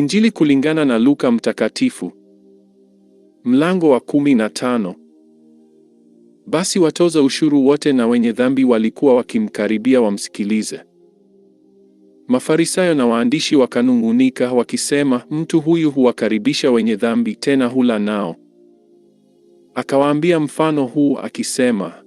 Injili kulingana na Luka Mtakatifu, mlango wa kumi na tano. Basi watoza ushuru wote na wenye dhambi walikuwa wakimkaribia wamsikilize. Mafarisayo na waandishi wakanung'unika wakisema, mtu huyu huwakaribisha wenye dhambi, tena hula nao. Akawaambia mfano huu akisema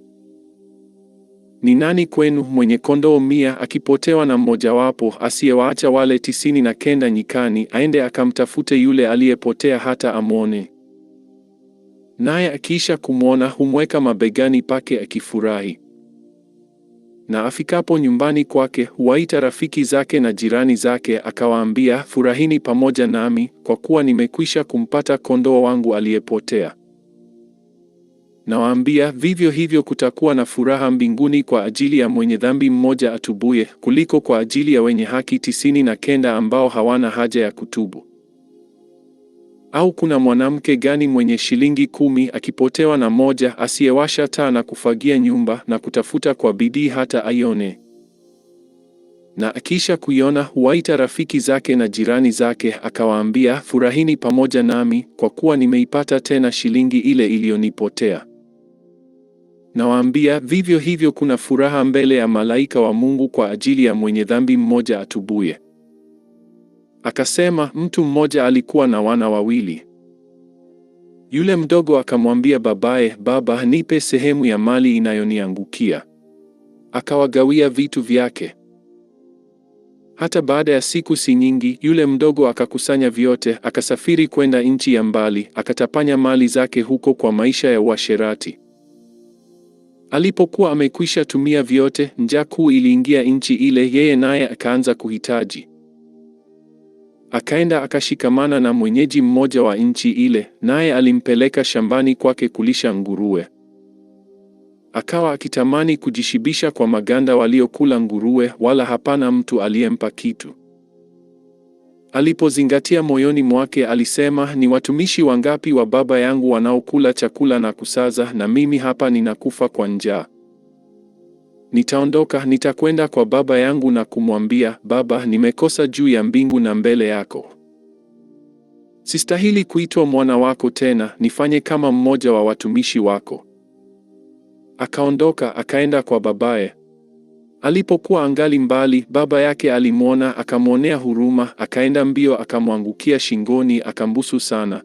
ni nani kwenu mwenye kondoo mia akipotewa na mmojawapo, asiyewaacha wale tisini na kenda nyikani, aende akamtafute yule aliyepotea hata amwone? Naye akiisha kumwona, humweka mabegani pake akifurahi. Na afikapo nyumbani kwake, huwaita rafiki zake na jirani zake, akawaambia, furahini pamoja nami, kwa kuwa nimekwisha kumpata kondoo wangu aliyepotea. Nawaambia, vivyo hivyo kutakuwa na furaha mbinguni kwa ajili ya mwenye dhambi mmoja atubuye, kuliko kwa ajili ya wenye haki tisini na kenda ambao hawana haja ya kutubu. Au kuna mwanamke gani mwenye shilingi kumi akipotewa na moja, asiyewasha taa na kufagia nyumba na kutafuta kwa bidii hata aione? Na akisha kuiona huwaita rafiki zake na jirani zake, akawaambia, furahini pamoja nami, kwa kuwa nimeipata tena shilingi ile iliyonipotea. Nawaambia, vivyo hivyo kuna furaha mbele ya malaika wa Mungu kwa ajili ya mwenye dhambi mmoja atubuye. Akasema, mtu mmoja alikuwa na wana wawili. Yule mdogo akamwambia babaye, Baba, nipe sehemu ya mali inayoniangukia. Akawagawia vitu vyake. Hata baada ya siku si nyingi, yule mdogo akakusanya vyote, akasafiri kwenda nchi ya mbali, akatapanya mali zake huko kwa maisha ya uasherati. Alipokuwa amekwisha tumia vyote, njaa kuu iliingia nchi ile, yeye naye akaanza kuhitaji. Akaenda akashikamana na mwenyeji mmoja wa nchi ile, naye alimpeleka shambani kwake kulisha nguruwe. Akawa akitamani kujishibisha kwa maganda waliokula nguruwe, wala hapana mtu aliyempa kitu. Alipozingatia moyoni mwake, alisema, ni watumishi wangapi wa baba yangu wanaokula chakula na kusaza, na mimi hapa ninakufa kwa njaa. Nitaondoka, nitakwenda kwa baba yangu na kumwambia, Baba, nimekosa juu ya mbingu na mbele yako. Sistahili kuitwa mwana wako tena, nifanye kama mmoja wa watumishi wako. Akaondoka akaenda kwa babaye. Alipokuwa angali mbali, baba yake alimwona, akamwonea huruma, akaenda mbio, akamwangukia shingoni, akambusu sana.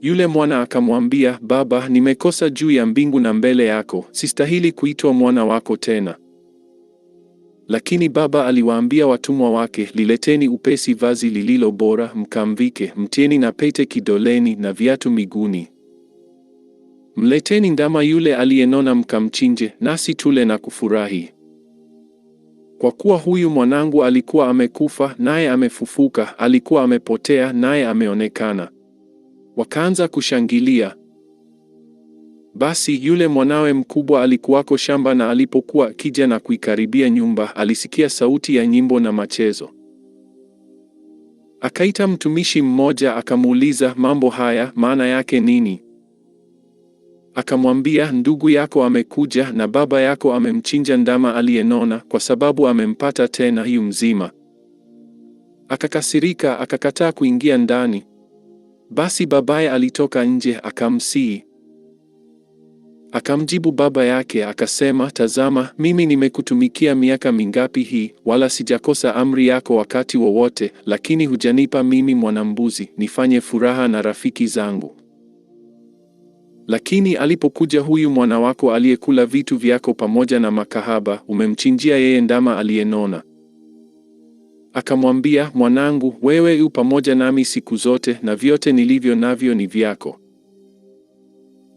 Yule mwana akamwambia, Baba, nimekosa juu ya mbingu na mbele yako, sistahili kuitwa mwana wako tena. Lakini baba aliwaambia watumwa wake, lileteni upesi vazi lililo bora, mkamvike, mtieni na pete kidoleni na viatu miguuni Mleteni ndama yule aliyenona, mkamchinje, nasi tule na kufurahi. Kwa kuwa huyu mwanangu alikuwa amekufa, naye amefufuka; alikuwa amepotea, naye ameonekana. Wakaanza kushangilia. Basi yule mwanawe mkubwa alikuwako shamba, na alipokuwa akija na kuikaribia nyumba, alisikia sauti ya nyimbo na machezo. Akaita mtumishi mmoja, akamuuliza mambo haya maana yake nini? akamwambia, ndugu yako amekuja na baba yako amemchinja ndama aliyenona, kwa sababu amempata tena yu mzima. Akakasirika, akakataa kuingia ndani. Basi babaye alitoka nje akamsihi. Akamjibu baba yake akasema, tazama, mimi nimekutumikia miaka mingapi hii, wala sijakosa amri yako wakati wowote, lakini hujanipa mimi mwanambuzi nifanye furaha na rafiki zangu. Lakini alipokuja huyu mwana wako aliyekula vitu vyako pamoja na makahaba, umemchinjia yeye ndama aliyenona. Akamwambia, mwanangu, wewe u pamoja nami siku zote, na vyote nilivyo navyo ni vyako.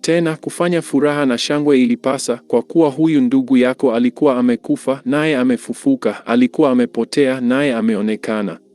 Tena kufanya furaha na shangwe ilipasa, kwa kuwa huyu ndugu yako alikuwa amekufa, naye amefufuka; alikuwa amepotea, naye ameonekana.